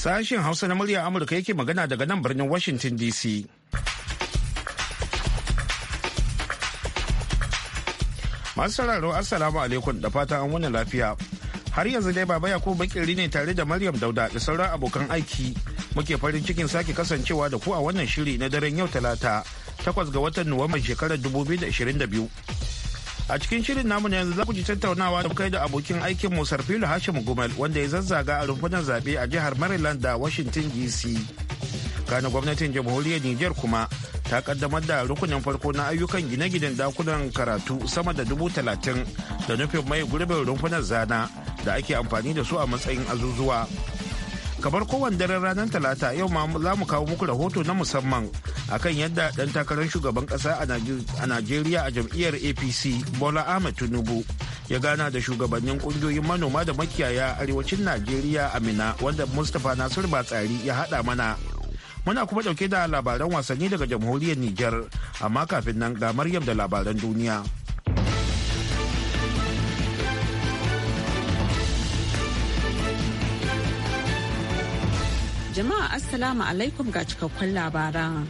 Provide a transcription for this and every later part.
Sashen Hausa na murya Amurka yake magana daga nan birnin Washington DC. Masu sauraro Assalamu alaikum da fata an wani lafiya. Har yanzu dai Baba Yakubu Bakiri ne tare da Maryam Dauda da sauran abokan aiki. Muke farin cikin sake kasancewa da ku a wannan shiri na daren yau Talata, takwas ga watan Nuwamban shekarar 2022. A cikin shirin namu na yanzu za ku ji tattaunawa da kai da abokin aikin mu Sarfilu Hashim Gumal wanda ya zazzaga a rumfunan zaɓe a jihar Maryland da Washington DC. Kana gwamnatin jamhuriyar niger kuma ta kaddamar da rukunin farko na ayyukan gine-ginen dakunan karatu sama da dubu talatin da nufin mai gurbin rumfunan zana da ake amfani da su a matsayin azuzuwa. kamar kowane daren ranar talata yau ma za mu kawo muku rahoto na musamman akan yadda ɗan takarar shugaban ƙasa a Najeriya a jam'iyyar APC Bola Ahmed Tinubu ya gana da shugabannin ƙungiyoyin manoma da makiyaya arewacin Najeriya Amina wanda Mustapha Nasir Batsari ya haɗa mana. Muna kuma ɗauke da labaran wasanni daga jamhuriyar Nijar amma kafin nan ga Maryam da labaran duniya. Jama'a Assalamu alaikum ga cikakkun labaran.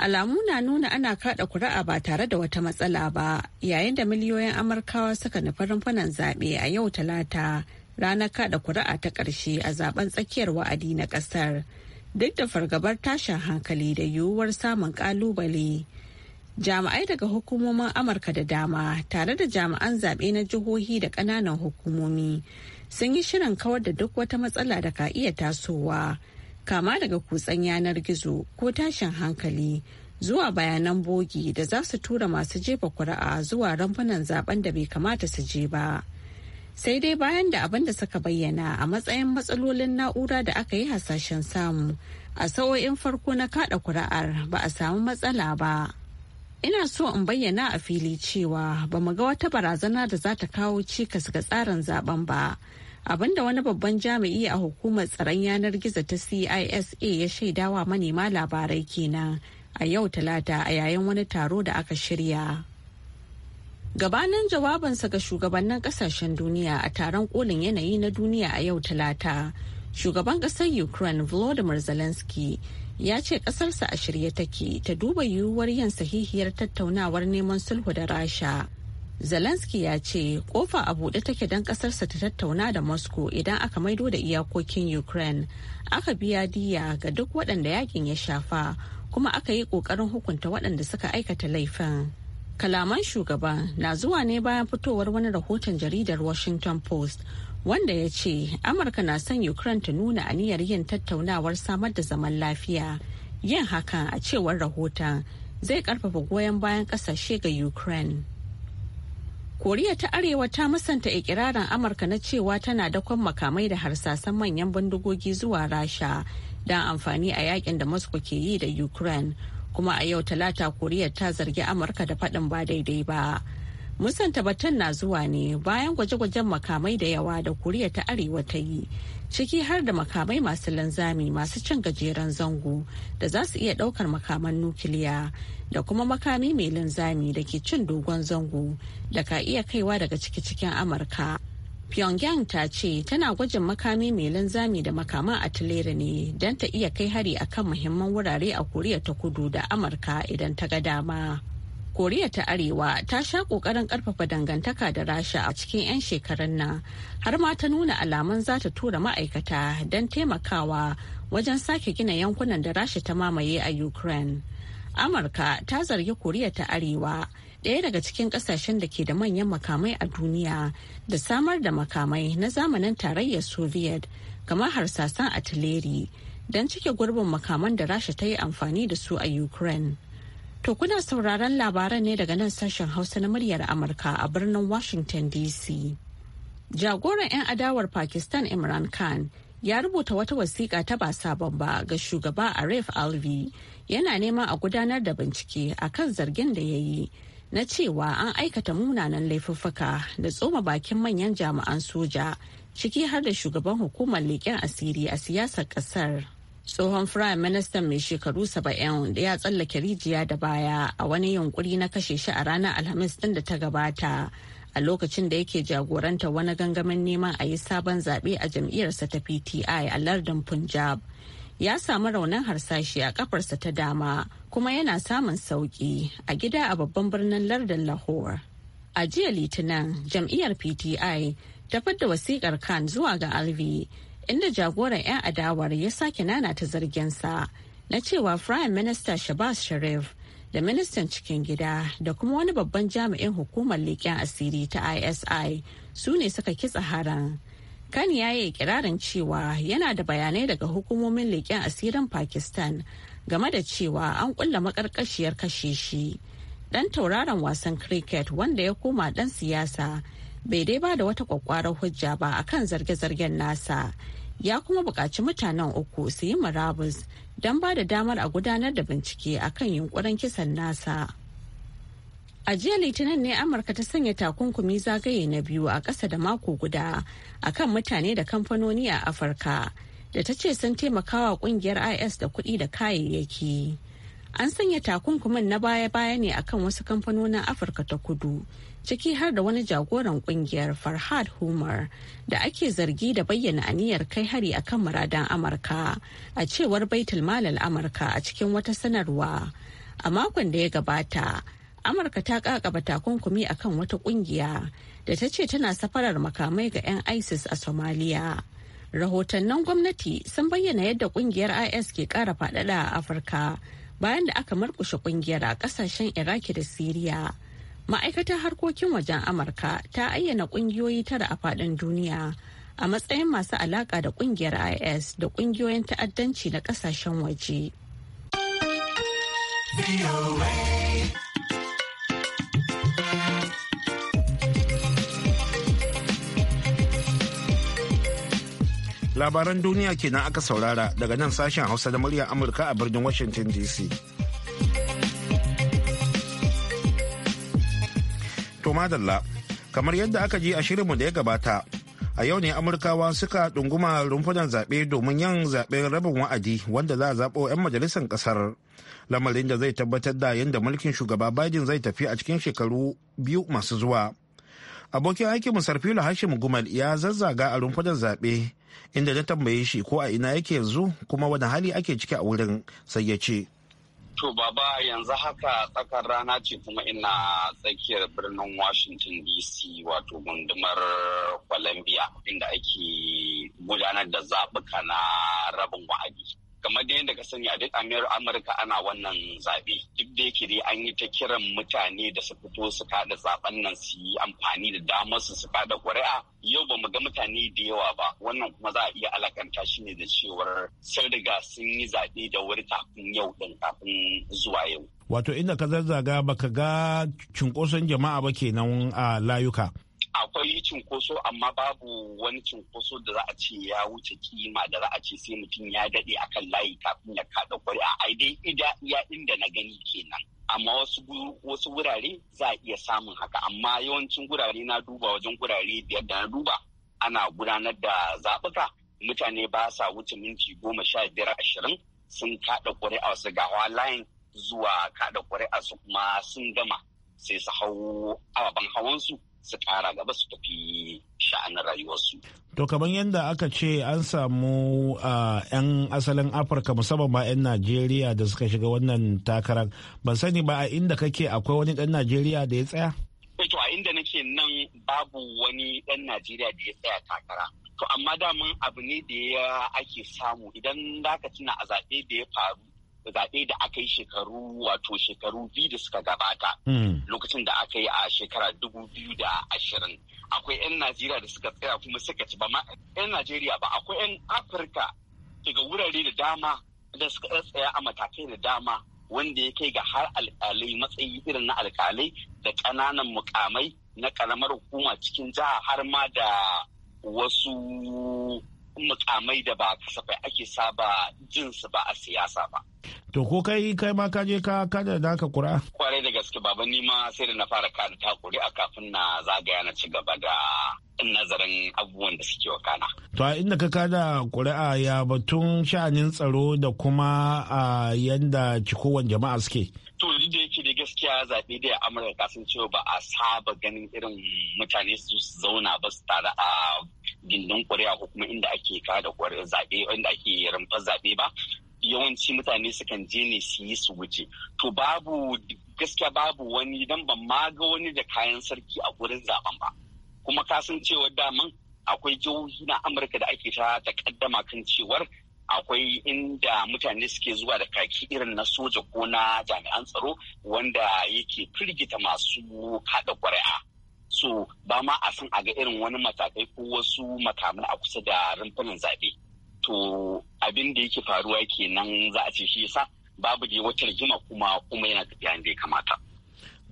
alamu na nuna ana kada kuri'a ba tare da wata matsala ba yayin da miliyoyin amurkawa suka nufi rumfunan zaɓe a yau talata ranar kada kuri'a ta ƙarshe a zaben tsakiyar wa'adi na ƙasar duk da fargabar tashin hankali da yiwuwar samun ƙalubale jami'ai daga hukumomin amurka da dama tare da jami'an zaɓe na jihohi da ƙananan hukumomi sun yi shirin kawar da duk wata matsala da ka iya tasowa. kama daga kutsen yanar gizo ko tashin hankali zuwa bayanan bogi da za su tura masu jefa kuri'a zuwa rambunan zaben da bai kamata su je ba sai dai bayan da abin da suka bayyana a matsayin matsalolin na'ura da aka yi hasashen samu a sa'o'in farko na kada kuri'ar ba a samu matsala ba ina so in bayyana a fili cewa ba mu ga wata barazana da za ta kawo cikas ga tsarin zaben ba abinda wani babban jami'i a hukumar tsaron yanar gizo ta CISA ya shaidawa manema labarai kenan a yau talata a yayin wani taro da aka shirya. Gabanin jawabinsa ga shugabannin kasashen duniya a taron kolin yanayi na duniya a yau talata, shugaban kasar Ukraine Volodymyr Zelensky ya ce kasarsa a shirye take ta duba yiwuwar yin sahihiyar tattaunawar neman sulhu da Rasha. Zelensky ya ce kofa a buɗe take don ƙasarsa ta tattauna da Moscow idan aka maido da iyakokin Ukraine. Aka biya diya ga duk waɗanda yakin ya shafa kuma aka yi ƙoƙarin hukunta waɗanda suka aikata laifin. Kalaman shugaba na zuwa ne bayan fitowar wani rahoton jaridar Washington Post wanda ya ce Amurka na son Ukraine ta nuna aniyar yin tattaunawar samar da zaman lafiya. Yin hakan a cewar rahoton zai ƙarfafa goyon bayan ƙasashe ga Ukraine. koriya ta arewa ta musanta ikirarin amurka na cewa tana da kwan makamai da harsasan manyan bindigogi zuwa rasha don amfani a yakin da moscow ke yi da ukraine kuma a yau talata koriya ta zargi amurka da faɗin ba daidai ba musanta batun na zuwa ne bayan gwaje-gwajen makamai da yawa da koriya ta arewa ta yi ciki har da makamai masu linzami masu cin gajeren zango da za su iya daukar makaman nukiliya da kuma makami mai linzami da ke cin dogon zango da ka iya kaiwa daga ciki-cikin amurka pyongyang ta ce tana gwajin makami mai linzami da makaman atileri ne don ta iya kai hari akan muhimman wurare a koriya ta kudu da amurka idan ta ga dama koriya ta arewa ta sha kokarin karfafa dangantaka da rasha a cikin 'yan shekarun nan har ma ta nuna alaman za ta tura ma'aikata don taimakawa wajen sake gina yankunan da rasha ta mamaye a ukraine amurka ta zargi koriya ta arewa ɗaya daga cikin ƙasashen da ke da manyan makamai a duniya da samar da makamai na zamanin tarayyar soviet kamar harsasan atileri don cike gurbin makaman da rasha ta yi amfani da su a ukraine To kuna sauraron labaran ne daga nan sashen Hausa na muryar Amurka a birnin Washington DC. Jagoran 'yan adawar Pakistan Imran Khan ya rubuta wata wasiƙa ta ba sabon ba ga shugaba Arif Alvi yana neman a gudanar da bincike a kan zargin da ya yi na cewa an aikata munanan laifuffuka da tsoma bakin manyan jami'an soja ciki har da shugaban hukumar leƙen asiri a siyasar ƙasar. tsohon firayim ministan mai shekaru 70 da ya tsallake rijiya da baya a wani yunkuri na kashe shi a ranar alhamis din da ta gabata a lokacin da yake jagoranta wani gangamin neman a yi sabon zaɓe a jam'iyyarsa ta pti a lardin punjab ya samu raunin harsashi a kafarsa ta dama kuma yana samun sauki a gida a babban birnin lardin lahore a jiya litinin jam'iyyar pti ta fadda wasiƙar khan zuwa ga alvi inda jagoran 'yan adawar ya sake nana zargin zarginsa na cewa Prime minista Shabazz Sharif da ministan cikin gida da kuma wani babban jami'in hukumar leƙen asiri ta isi su ne suka kitsa haran kan ya yi kirarin cewa yana da bayanai daga hukumomin leƙen asirin pakistan game da cewa an kulla makarkashiyar kashe shi dan tauraron wasan cricket wanda ya koma dan siyasa bai dai ba da wata kwakwarar hujja ba akan zarge-zargen nasa ya kuma buƙaci mutanen uku su yi murabus don ba da damar a gudanar da bincike akan yunkurin kisan nasa a jiya litinin ne amurka ta sanya takunkumi zagaye na biyu a ƙasa da mako guda akan mutane da kamfanoni a afirka da ta ce sun taimakawa kungiyar is da kuɗi da kayayyaki an sanya takunkumin na baya-baya ne akan wasu kamfanonin afirka ta kudu ciki har da wani jagoran kungiyar farhad humar da ake zargi da bayyana aniyar kai hari a kan muradan amurka a cewar baitul malal amurka a cikin wata sanarwa a makon da ya gabata amurka ta kakaba takunkumi akan wata kungiya da ta ce tana safarar makamai ga 'yan isis a somalia rahotannin gwamnati sun bayyana yadda kungiyar is ke kara fadada a afirka bayan da aka murkushe kungiyar a kasashen iraki da siriya ma'aikatar harkokin wajen amurka ta ayyana kungiyoyi tara a faɗin duniya a matsayin masu alaƙa da kungiyar is da kungiyoyin ta'addanci na kasashen waje labaran duniya kenan aka saurara daga nan sashen hausa da murya amurka a birnin washington dc To madalla, kamar yadda aka ji a shirinmu da ya gabata, a yau ne Amurkawa suka ɗunguma rumfunan zaɓe domin yin zaɓen rabin wa'adi wanda za a zaɓo 'yan majalisar ƙasar. Lamarin da zai tabbatar da yadda mulkin shugaba Biden zai tafi a cikin shekaru biyu masu zuwa. Abokin aikin Sarfilo Hashim Gumal ya zazzaga a rumfunan zaɓe inda na tambaye shi ko a ina yake yanzu kuma wani hali ake ciki a wurin sai ya ce. To baba yanzu haka tsakar rana ce kuma ina tsakiyar birnin Washington DC wato gundumar Columbia inda ake gudanar da zaɓuka na rabin wa'adi. kamar da yadda ka sani a duk amurka ana wannan zaɓe duk da yake dai an yi ta kiran mutane da su fito su kada zaben nan su yi amfani da damar su su kada ƙuri'a yau ba mu ga mutane da yawa ba wannan kuma za a iya alakanta shi ne da cewar sun riga sun yi zaɓe da wuri kafin yau ɗin kafin zuwa yau. wato inda ka zazzaga baka ga cunkoson jama'a ba kenan a layuka. akwai cinkoso amma babu wani cinkoso da za a ce ya wuce kima da za a ce sai mutum ya daɗe akan layi kafin ya kaɗa ƙuri'a ai dai ida iya inda na gani kenan amma wasu wasu wurare za a iya samun haka amma yawancin gurare na duba wajen gurare biyar da na duba ana gudanar da zaɓuka mutane ba sa wuce minti goma sha biyar ashirin sun kaɗa ƙuri'a su gawa layin zuwa kaɗa ƙuri'a su kuma sun gama sai su hau ababen hawansu su kara gaba su tafi sha'anar rayuwarsu. To kamar yadda aka ce an samu 'yan asalin Afirka musamman ma 'yan Najeriya da suka shiga wannan takarar ban sani ba a inda kake akwai wani ɗan Najeriya da ya tsaya? Eh, to a inda nake nan babu wani ɗan Najeriya da ya tsaya takara. To amma daman abu ne da ya ake samu idan za ka tuna a zaɓe da ya faru zaɓe da aka yi shekaru wato shekaru biyu da suka gabata hmm. lokacin da aka yi a shekara dubu biyu da ashirin akwai 'yan najeriya da suka tsaya kuma suka ci ba ma 'yan najeriya ba akwai 'yan afirka daga wurare da dama da suka tsaya a matakai da dama wanda ya kai ga har alkalai matsayi irin na alkalai da ƙananan mukamai na ƙaramar hukuma cikin jiha har ma da wasu mukamai da ba kasafai ake saba jinsu ba a siyasa ba. To ko kai kai ma ka je ka kada da ka kura? Kwarai da gaske baba ni ma sai da na fara kada ta a kafin na zagaya na ci gaba da nazarin abubuwan da suke wakana. To a inda ka kada kuri'a ya batun sha'anin tsaro da kuma a yanda cikowan jama'a suke. To da yake da gaskiya zaɓe da Amurka sun cewa ba a saba ganin irin mutane su zauna ba su tare a gindin kuri'a ko kuma inda ake kada zaɓe inda ake rumfar zaɓe ba yawanci mutane sukan je ne su yi su wuce to babu gaskiya babu wani dan ban ma ga wani da kayan sarki a gurin zaben ba kuma ka san da daman akwai jihohi na amurka da ake ta takaddama kan cewar akwai inda mutane suke zuwa da kaki irin na soja ko na jami'an tsaro wanda yake firgita masu kada ƙuri'a so ba ma a san a ga irin wani matakai ko wasu makamai a kusa da rumfunan zaɓe to abin da yake faruwa kenan za a ce shi yasa babu da wata rigima kuma kuma yana tafiya da ya kamata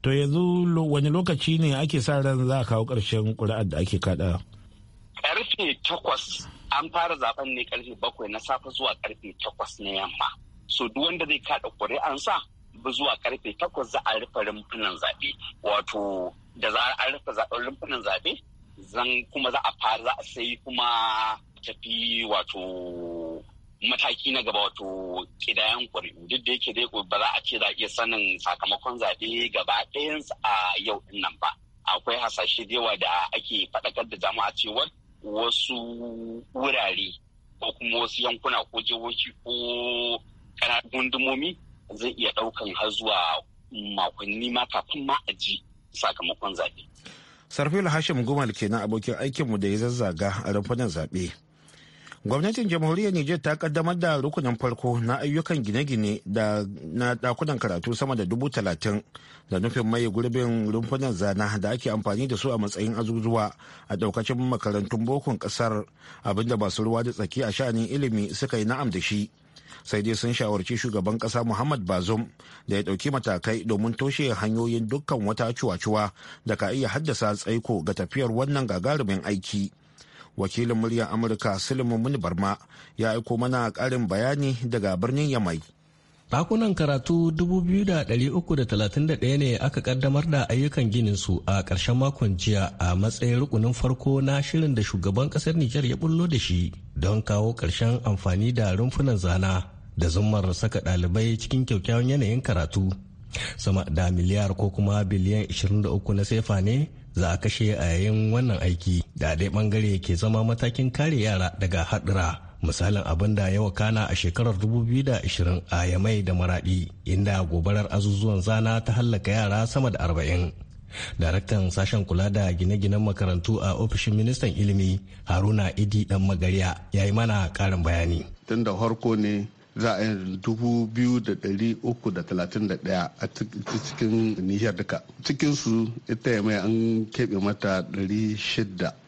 to yanzu wani lokaci ne ake sa ran za a kawo ƙarshen ƙuri'ar da ake kaɗa karfe takwas an fara zaben ne ƙarfe bakwai na safe zuwa ƙarfe takwas na yamma so duk wanda zai kaɗa ƙuri'ansa zuwa karfe takwas za a rufe rumfunan zaɓe wato da za a rufe zaɓen rumfunan zaɓe zan kuma za a fara za a sai kuma tafi wato mataki na gaba wato kidayen ƙuri'u duk da yake dai ba za a ce za a iya sanin sakamakon zaɓe gaba ɗayansu a yau din nan ba akwai hasashe da yawa da ake faɗakar da jama'a cewa wasu wurare ko kuma wasu yankuna ko jihohi ko kana gundumomi zai iya ɗaukan har zuwa makonni ma kafin ma a ji sakamakon zaɓe. sarfil hashim gumal kenan abokin aikinmu da ya zazzaga a rumfunan zaɓe gwamnatin jamhuriyar niger ta kaddamar da rukunin farko na ayyukan gine-gine da na dakunan karatu sama da dubu talatin da nufin mai gurbin rumfunan zana da ake amfani da su a matsayin azuzuwa a daukacin makarantun bokun kasar abinda masu ruwa da tsaki a sha'anin ilimi suka yi na'am da shi sai dai sun shawarci shugaban kasa muhammad bazum da ya ɗauki matakai domin toshe hanyoyin dukkan wata cuwa-cuwa da ka iya haddasa tsaiko ga tafiyar wannan gagarumin aiki wakilin muryar amurka silimin barma ya aiko mana ƙarin bayani daga birnin yamai Dakunan karatu 2,331 ne aka kaddamar da ayyukan ginin su a ƙarshen makon jiya a matsayin rukunin farko na shirin da shugaban ƙasar Nijar ya bullo da shi don kawo ƙarshen amfani da rumfunan zana. da zummar saka ɗalibai cikin kyaukyawan yanayin karatu sama da miliyar ko kuma biliyan 23 na sefa ne za a kashe a yayin wannan aiki da dai bangare ke zama matakin kare yara daga haɗura misalin abin da ya wakana a shekarar 2020 a yamai da maradi inda gobarar azuzuwan zana ta hallaka yara sama da 40 daraktan sashen kula da gine-ginen makarantu a ofishin ministan ilimi haruna idi dan magariya ya yi mana karin bayani tun da harko ne za a yi dubu biyu da dari uku da talatin da a cikin nihiyar duka cikinsu ita ya mai an keɓe mata dari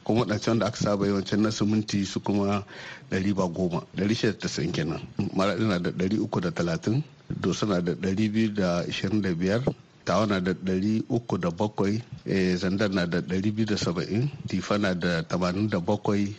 kuma waɗancan da aka saba yawancin na siminti su kuma ɗari ba goma ɗari shida tasa'in kenan maraɗi na da 330 uku da talatin dosa na da 225 biyu da da biyar tawa na da ɗari uku da bakwai eh, zandar na da ɗari biyu da saba'in tifa na da tamanin da bakwai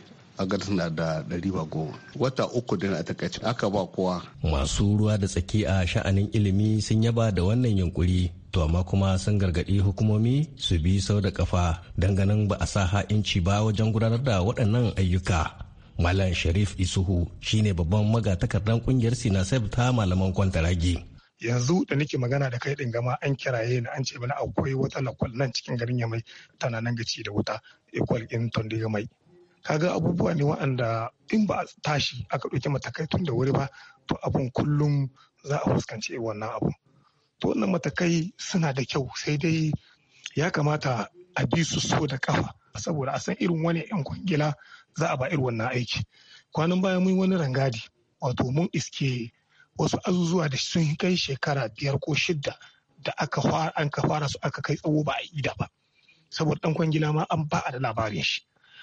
agar suna da ɗari ba goma wata uku din a takaice aka ba kowa masu ruwa da tsaki a sha'anin ilimi sun yaba da wannan yunkuri to amma kuma sun gargaɗi hukumomi su bi sau da kafa ganin ba a sa ha'inci ba wajen gudanar da waɗannan ayyuka malam sharif isuhu shine babban magatakardar kungiyar sinasef ta malaman kwantaragi yanzu da nake magana da kai ɗin gama an kiraye ni an ce mana akwai wata lakwal nan cikin garin yamai tana nan gaci da wuta equal in tondi yamai kaga abubuwa ne waɗanda in ba a tashi aka ɗauki matakai tun da wuri ba to abun kullum za a fuskanci wannan abu to wannan matakai suna da kyau sai dai ya kamata a bi su so da kafa saboda a san irin wani yan kwangila za a ba irin wannan aiki kwanan baya mun wani rangadi wato mun iske wasu azuzuwa da sun kai shekara biyar ko shidda da aka an ka fara su aka kai tsawo ba a yi da ba saboda dan kwangila ma an ba a da labarin shi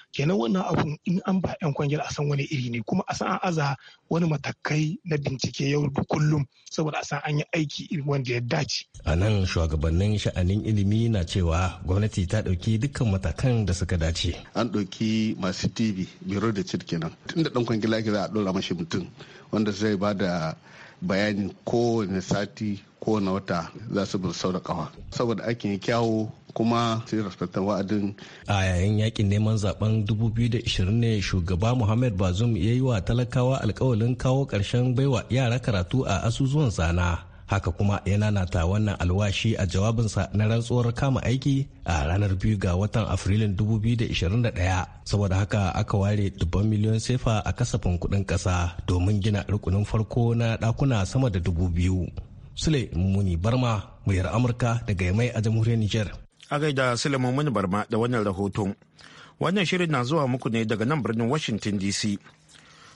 kenan wannan abun in an ba 'yan kwangila a san wani iri ne kuma a san an aza wani matakai na bincike yau da kullum saboda a san an yi aiki wanda ya dace a nan shugabannin sha'anin ilimi na cewa gwamnati ta ɗauki dukkan matakan da suka dace an ɗauki masu tv biro da cid kenan tunda ɗan kwangila ake za a ɗora mashi mutum wanda zai ba da bayanin kowane sati kowane wata za su bi sau da kawa saboda aikin kyawo. kuma sai rasfatan wa'adin a yayin yakin neman zaben 2020 ne shugaba muhammad bazum ya yi wa talakawa alkawalin kawo karshen baiwa yara karatu a asusuwan sana haka kuma yana nata wannan alwashi a jawabinsa na rantsuwar kama aiki a ranar biyu ga watan afrilun 2021 saboda haka aka ware dubban miliyon sefa a kasafin kuɗin ƙasa domin gina rukunin farko na ɗakuna sama da dubu biyu sule muni barma muryar amurka daga mai a jamhuriyar Nijar. A gaida Sulaiman Mani Barma da wannan rahoton. Wannan shirin na zuwa muku ne daga nan birnin Washington DC.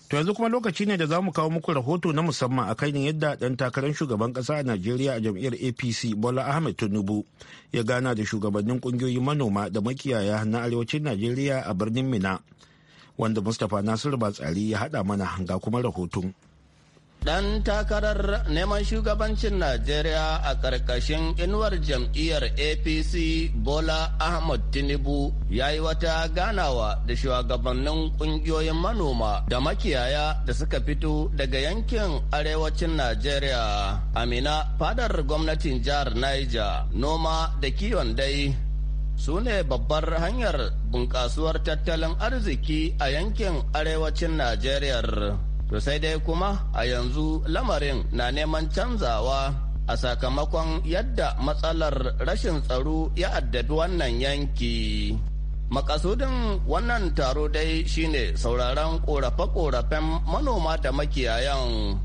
To yanzu kuma lokaci ne da za mu kawo muku rahoto na musamman a kan yadda ɗan takarar shugaban ƙasa a Najeriya a jam'iyyar APC Bola Ahmed Tinubu ya gana da shugabannin ƙungiyoyin manoma da makiyaya na arewacin Najeriya a birnin Mina. Wanda Mustapha Nasiru Batsari ya haɗa mana ga kuma rahoton. Ɗan takarar neman shugabancin Najeriya a ƙarƙashin inuwar jam'iyyar APC Bola Ahmad Tinubu ya yi wata ganawa da shugabannin ƙungiyoyin manoma da makiyaya da suka fito daga yankin arewacin Najeriya. Amina fadar gwamnatin jihar Niger noma da kiwon dai su ne babbar hanyar bunƙasuwar tattalin arziki a yankin arewacin Najeriya. To sai dai kuma a yanzu lamarin na neman canzawa a sakamakon yadda matsalar rashin tsaro ya addabi wannan yanki. Makasudin wannan taro dai shine sauraron ƙorafe korafen manoma da makiyayan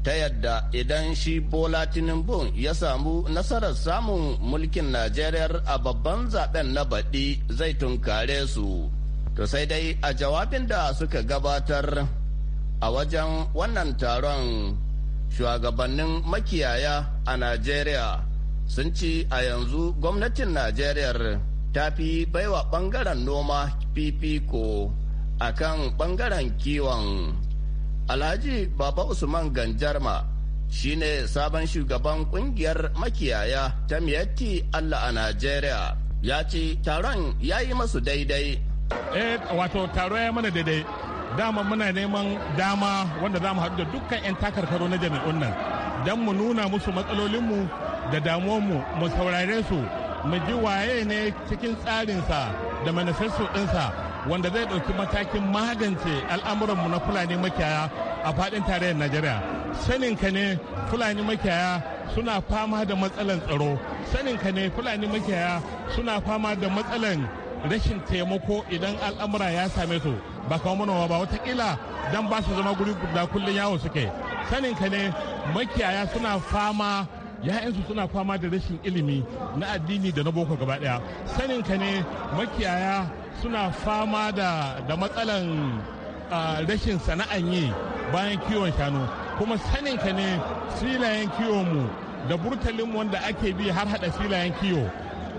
ta yadda idan shi Bola Tinubu ya samu nasarar samun mulkin Najeriya a babban zaben na baɗi zai tunkare su. To sai dai a jawabin da suka gabatar. a wajen wannan taron shugabannin makiyaya a najeriya sun ci a yanzu gwamnatin najeriya ta fi baiwa ɓangaren noma fifiko a kan bangaren kiwon alhaji baba usman ganjarma shi ne sabon shugaban ƙungiyar makiyaya ta miyatti allah a najeriya ya ce taron ya yi masu daidai eh wato taro ya mana daidai dama muna neman dama wanda za mu haɗu da dukkan 'yan takarkaro na jami'un nan don mu nuna musu matsalolinmu da damuwanmu mu saurare su mu ji waye ne cikin tsarinsa da manifesto ɗinsa wanda zai ɗauki matakin magance al'amuranmu na fulani makiyaya a faɗin tarayyar najeriya ka ne fulani makiyaya suna fama da matsalan tsaro sanin ka ne fulani makiyaya suna fama da matsalan rashin taimako idan al'amura ya same su ba kawo manoma ba watakila don ba su zama guri guda kullum yawo suke sanin ka ne makiyaya suna fama ya'yansu suna fama da rashin ilimi na addini da na boko gaba daya sanin ka ne makiyaya suna fama da da matsalan rashin sana'an yi bayan kiwon shanu kuma sanin ka ne filayen kiwon mu da burtalin wanda ake bi har hada filayen kiwo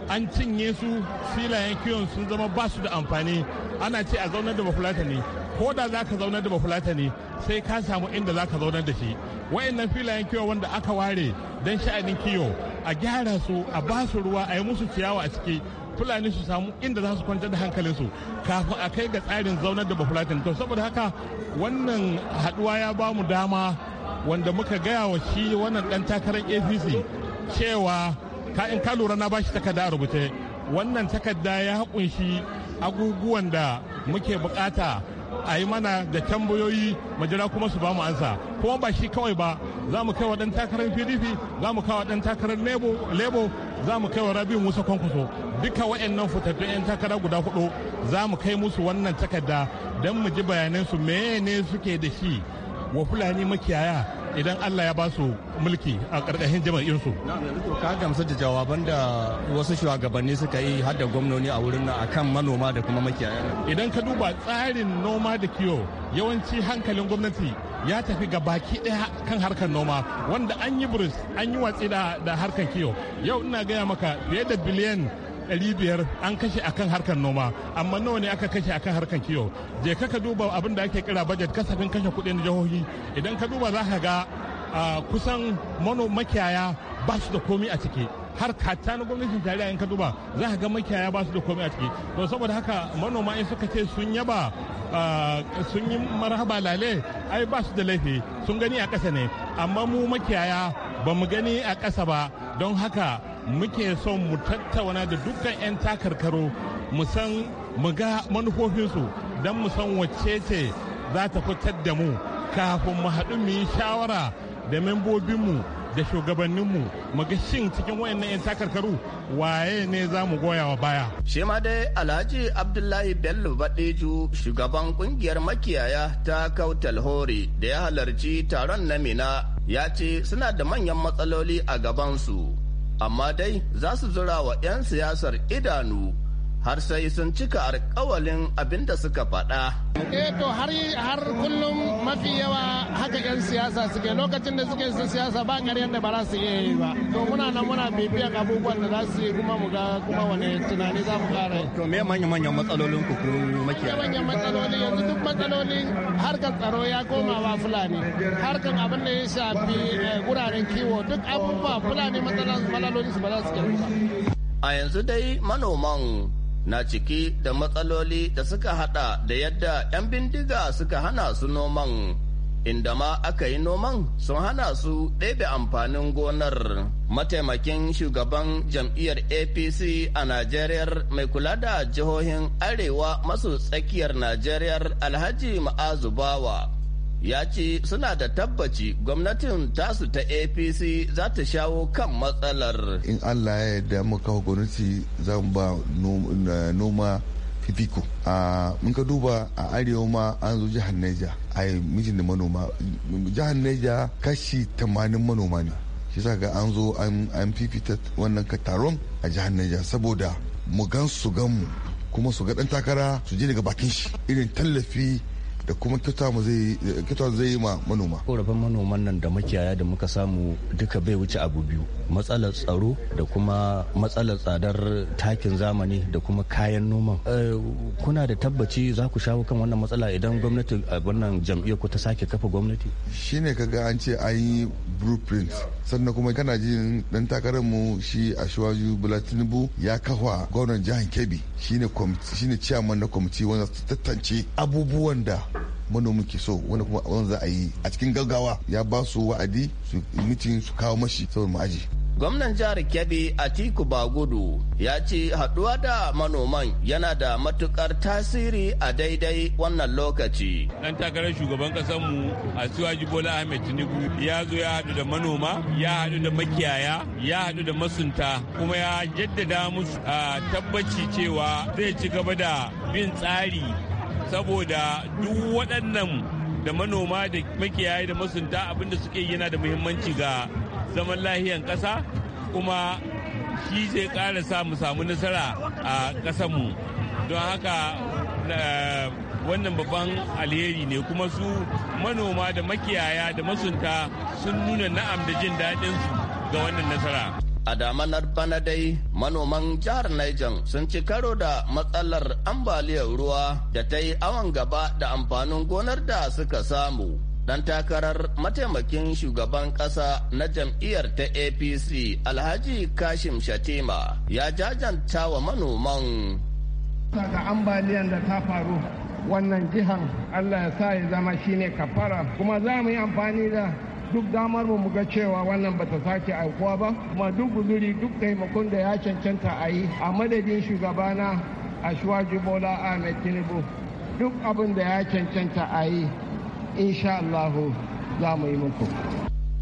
an cinye su filayen kiwon sun zama ba su da amfani ana ce a zaunar da bafulata ne ko da za ka zaunar da bafulata ne sai ka samu inda za ka zaunar da shi wayannan filayen kiwo wanda aka ware don sha'anin kiwo a gyara su a ba su ruwa a yi musu ciyawa a ciki fulani su samu inda za su kwanta da hankalinsu kafin a kai ga tsarin zaunar da bafulatin to saboda haka wannan haduwa ya ba mu dama wanda muka gaya wa shi wannan dan takarar apc cewa ka in ka lura na bashi takarda a rubuce wannan takarda ya kunshi abubuwan da muke bukata a yi mana da tambayoyi majira kuma su bamu ansa kuma ba shi kawai ba za mu kai wa dan takarar pdp za mu kai wa dan takarar lebo za mu kai wa rabi musa kwankwaso duka waɗannan fitattun 'yan takara guda hudu za mu kai musu wannan takarda don mu ji bayanansu mene suke da shi wa fulani makiyaya idan Allah ya ba su mulki a ƙarƙashin su. Ka gamsu da jawaban da wasu shugabanni suka yi har da gwamnoni a wurin nan akan manoma da kuma makiyaya. Idan ka duba tsarin noma da kiwo yawanci hankalin gwamnati ya tafi ga baki ɗaya kan harkar noma wanda an yi buris an yi watsi da harkar kiwo. Yau ina gaya maka fiye da biliyan biyar an kashe akan harkar noma amma nawa ne aka kashe akan harkar kiwo je ka duba abin da ake kira budget kasafin kashe kudin jihohi idan ka duba za ka ga kusan makiyaya ba su da komi a ciki har kata na gwamnatin tarayya in ka duba za ka ga makiyaya ba su da komi a ciki to saboda haka manoma in suka ce sun yaba sun yi marhaba lale ai ba su da laifi sun gani a ƙasa ne amma mu makiyaya ba mu gani a ƙasa ba don haka muke son mu tattauna da dukkan 'yan takarkaro mu san mu ga manufofinsu don mu san wacce ce za ta fitar da mu kafin mu haɗu mu yi shawara da membobinmu da shugabanninmu mu ga shin cikin wayannan 'yan takarkaru waye ne za mu goya wa baya. Shi ma dai Alhaji Abdullahi Bello Badeju shugaban ƙungiyar makiyaya ta Kautal Hori da ya halarci taron na Mina ya ce suna da manyan matsaloli a gabansu. amma dai za su zura wa 'yan siyasar idanu har sai sun cika alkawalin abin da suka faɗa. Eh to har har kullum mafi yawa haka 'yan siyasa suke lokacin da suke su siyasa ba ƙaryar da ba za su iya yi ba. To muna nan muna bibiyan abubuwan da za su yi kuma mu ga kuma wani tunani za mu ƙara To me manya manyan matsalolin ku ko ku manya Manyan matsaloli matsalolin harkar tsaro ya koma wa fulani harkar abin da ya shafi eh, wuraren kiwo duk abubuwa fulani matsalolin su ba za su kyau a yanzu dai manoman na ciki da matsaloli da suka hada da yadda 'yan bindiga suka hana su noman inda ma aka yi noman sun hana su ɗebe amfanin gonar. Mataimakin shugaban jam'iyyar APC a nigeria mai kula da jihohin Arewa maso tsakiyar najeriyar Alhaji Ma'azu Bawa ya ce suna da tabbaci gwamnatin tasu ta APC za ta shawo kan matsalar. In Allah ya yarda muka gwamnati zan ba eh, noma fifiko a mun ka duba a arewa ma an zo jihar neja a mijin da manoma jihar neja kashi 80 manoma ne shi sa ga an zo an fifita wannan taron a jihar neja saboda mu gan su gan kuma su ga dan takara su je daga bakin shi irin tallafi da kuma kyauta zai yi ma manoma. Korafin manoman nan da makiyaya da muka samu duka bai wuce abu biyu matsalar tsaro da kuma matsalar tsadar takin zamani da kuma kayan noman. Eh, kuna da tabbaci za ku shawo kan wannan matsala idan gwamnati wannan jam'iyyar ku ta sake kafa gwamnati? Shi ne kaga an ce an yi blueprint sannan kuma kana jin dan takarar mu shi a shuwaju Bula ya kafa gwamnan jihar Kebbi shine chairman na kwamiti wanda tattance abubuwan da manomin ke so wani kuma wani za a yi a cikin gaggawa ya ba su wa'adi su mitin su kawo mashi saboda ma'aji. gwamnan jihar kebbi atiku bagudu ya ce haɗuwa da manoman yana da matukar tasiri a daidai wannan lokaci dan takarar shugaban mu a suwaji bola ahmed tinubu ya zo ya haɗu da manoma ya haɗu da makiyaya ya haɗu da masunta kuma ya jaddada musu tabbaci cewa zai ci gaba da bin tsari saboda duk waɗannan da manoma da makiyaya da masunta abinda suke yana da muhimmanci ga zaman lahiyan ƙasa kuma shi zai ƙara sa mu samu nasara a ƙasanmu don haka eh, wannan babban alheri ne kuma su manoma da makiyaya da masunta sun nuna na'am da jin daɗinsu ga wannan nasara. A damanar bana dai manoman jihar Niger sun ci karo da matsalar ambaliyar ruwa da ta yi awon gaba da amfanin gonar da suka samu. Dan takarar mataimakin shugaban ƙasa na jam'iyyar ta APC Alhaji Kashim Shatima ya jajanta wa manoman. Daga ambaliyar da ta faru wannan jihan Allah ya sa ya zama shine kafara kuma za mu yi amfani da duk damar mu ga cewa wannan bata sake aikuwa ba kuma duk guzuri duk taimakon da ya cancanta a yi a madadin shugabana shuwaji bola ahmed tinubu duk abin da ya cancanta a yi insha allahu za mu yi muku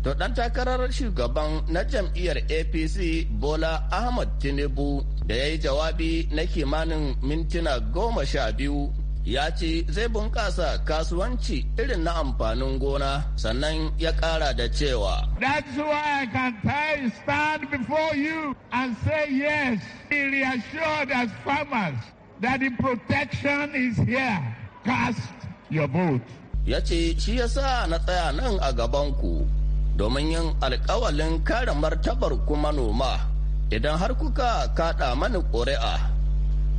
To dan takarar shugaban na jam'iyyar APC Bola Ahmad Tinubu da ya yi jawabi na kimanin mintuna goma sha biyu ya ce zai bunƙasa kasuwanci irin na amfanin gona sannan ya ƙara da cewa. That's why I can tell, stand before you and say yes, be reassured as farmers that the protection is here. Cast your vote. Ya ce shi yasa na tsaya nan a gabanku domin yin alkawalin kare martabar ku manoma idan har kuka kaɗa mani ƙuri'a.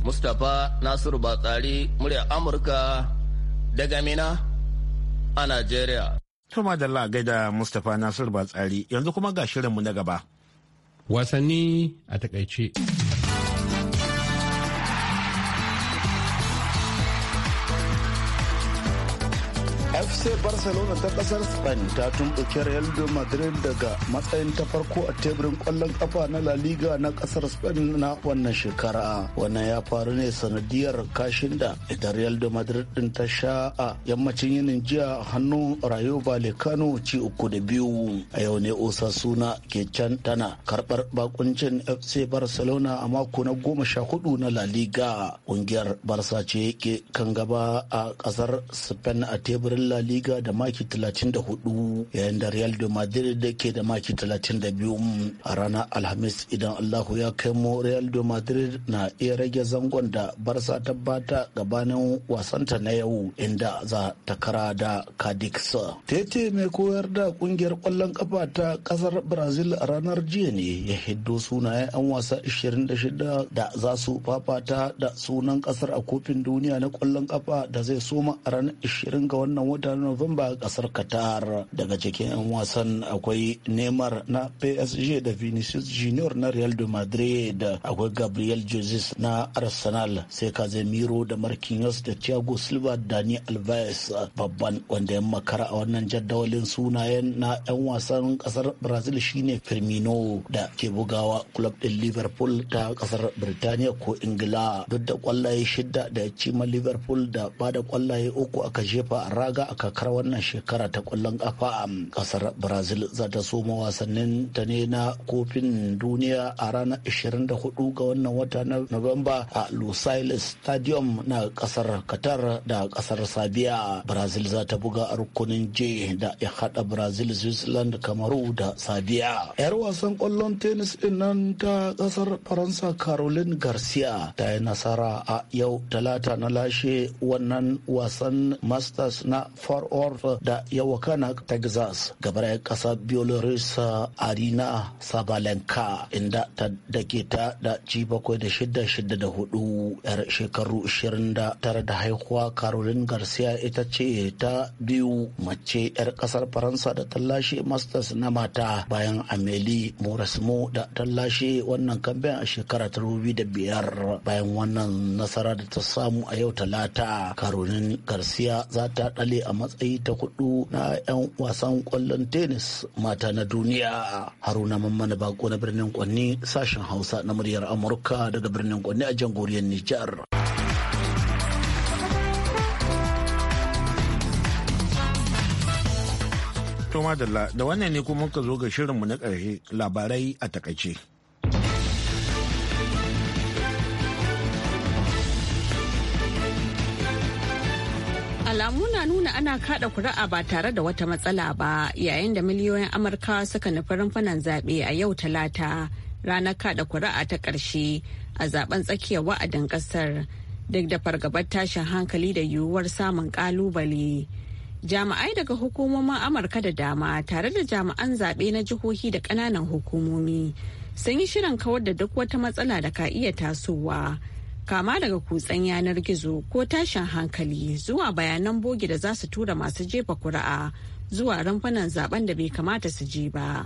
mustapha nasiru batsari murya amurka daga mina a Najeriya. Tuma da gaida Mustapha nasiru Batsari yanzu kuma ga shirinmu na gaba. Wasanni a takaice. fc barcelona ta kasar spain ta tumbuke real madrid daga matsayin ta farko a teburin kwallon kafa na la liga na kasar spain na wannan shekara wannan ya faru ne sanadiyar kashin da ita real madrid din ta sha a yammacin yinin jiya hannun rayo balekano ci uku da biyu a yau ne osasuna ke can tana karbar bakuncin fc barcelona a mako na goma sha hudu na la liga ƙungiyar barsa ce ke kan gaba a kasar spain a teburin la liga. liga da maki 34 yayin da real de madrid ke da maki 32 a ranar alhamis idan allahu ya kai mu real de madrid na iya rage zangon da barsa tabbata bata gabanin wasanta na yau inda za ta kara da cadix tete mai koyar da kungiyar kwallon kafa ta kasar brazil a ranar jiya ne ya hiddo sunayen 'yan wasa 26 da za su fafata da sunan kasar a kofin duniya na kwallon kafa da zai soma a ranar 20 ga wannan watan Nuwamba a kasar Qatar. Daga cikin 'yan wasan akwai Neymar na PSG da Vinicius Junior na Real de Madrid, akwai Gabriel Jesus na Arsenal, sai Casemiro da Marquinhos da Thiago Silva da Dani Alves babban wanda ya makara a wannan jadawalin sunayen na 'yan wasan kasar Brazil shine Firmino da ke bugawa club din Liverpool ta kasar Birtaniya ko Ingila duk da kwallaye shida da ya ci Liverpool da bada kwallaye uku aka jefa a raga aka kakar wannan shekara ta kwallon kafa a kasar brazil za ta soma wasannin ta ne na kofin duniya a ranar 24 ga wannan wata na novemba a lusail stadium na kasar qatar da kasar sabiya brazil za ta buga a rukunin j da ya hada brazil switzerland kamaru da sabiya yar wasan kwallon tennis din nan ta kasar faransa caroline garcia ta yi nasara a yau talata na lashe wannan wasan masters na war da yawakana wakana texas gabar kasar belarus arina sabalenka inda ta dake ta da ci bakwai da shida shida da hudu yar shekaru ashirin da tara da haihuwa caroline garcia ita ce ta biyu mace yar kasar faransa da ta masters na mata bayan ameli morasmo da tallashe wannan kamben a shekara ta da biyar bayan wannan nasara da ta samu a yau talata caroline garcia za ta dale a matsayi ta hudu na 'yan wasan kwallon tenis mata na duniya haruna mammana bako na birnin kwanni sashen hausa na muryar amurka daga birnin kwanni a jamhuriyar nijar To da wannan ne kuma muka zo ga shirinmu na ƙarshe labarai a takaice. alamu na nuna ana kada kuri'a ba tare da wata matsala ba yayin da miliyoyin amurka suka nufi rumfunan zaɓe a yau talata ranar kada kuri'a ta ƙarshe a zaben tsakiyar wa'adin ƙasar duk da fargabar tashin hankali da yiwuwar samun ƙalubale. jami'ai daga hukumomin amurka da dama tare da jami'an zaɓe na jihohi da ƙananan hukumomi sun yi shirin kawar da duk wata matsala da ka iya tasowa kama daga kutsen yanar gizo ko tashin hankali zuwa bayanan bogi da za su tura masu jefa kuri'a zuwa rumfunan zaben da bai kamata su je ba.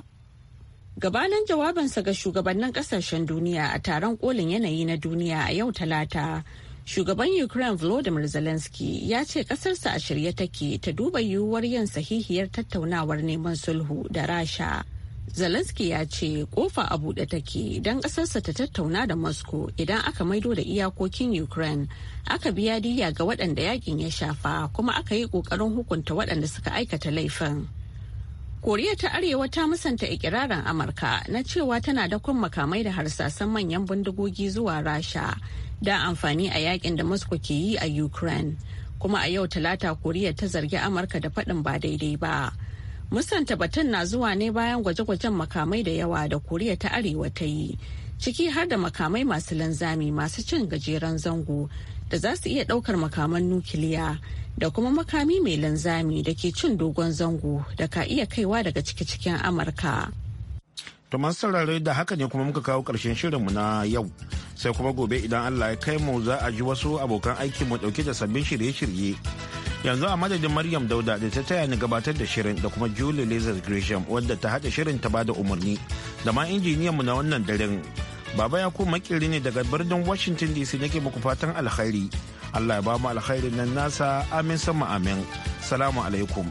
Gabanin jawabinsa ga shugabannin kasashen duniya a taron kolin yanayi na duniya a yau talata, shugaban Ukraine Volodymyr Zelensky ya ce kasarsa a shirye take ta duba yiwuwar yin sahihiyar tattaunawar neman sulhu da Rasha. Zelensky ya ce kofa a buɗe take don ƙasarsa ta tattauna da Moscow idan aka maido da iyakokin Ukraine. Aka biya diya ga waɗanda yakin ya shafa kuma aka yi ƙoƙarin hukunta waɗanda suka aikata laifin. Koriya ta Arewa ta musanta ikirarin Amurka na cewa tana da kun makamai da harsasan manyan bindigogi zuwa Rasha da amfani a yakin da Moscow ke yi a Ukraine. Kuma a yau Talata Koriya ta zargi Amurka da faɗin ba daidai ba. musanta batun na zuwa ne bayan gwaje-gwajen makamai da yawa da koriya ta arewa ta yi ciki har da makamai masu linzami masu cin gajeren zango da za su iya daukar makaman nukiliya da kuma makami mai linzami da ke cin dogon zango da ka iya kaiwa daga ciki-cikin amurka To masu saurare da haka ne kuma muka kawo ƙarshen shirinmu na yau. Sai kuma gobe idan Allah ya kai mu za a ji wasu abokan aikin mu ɗauke da sabbin shirye-shirye. yanzu a madadin maryam dauda da ta taya ni gabatar da shirin da kuma julie lazarus gresham wadda ta haɗa shirin ta bada umarni da ma injiniyanmu na wannan daren baba ya ku makiri ne daga birnin washington dc nake muku fatan alkhairi allah ya ba mu alkhairin nan nasa amin sama amin salamu alaikum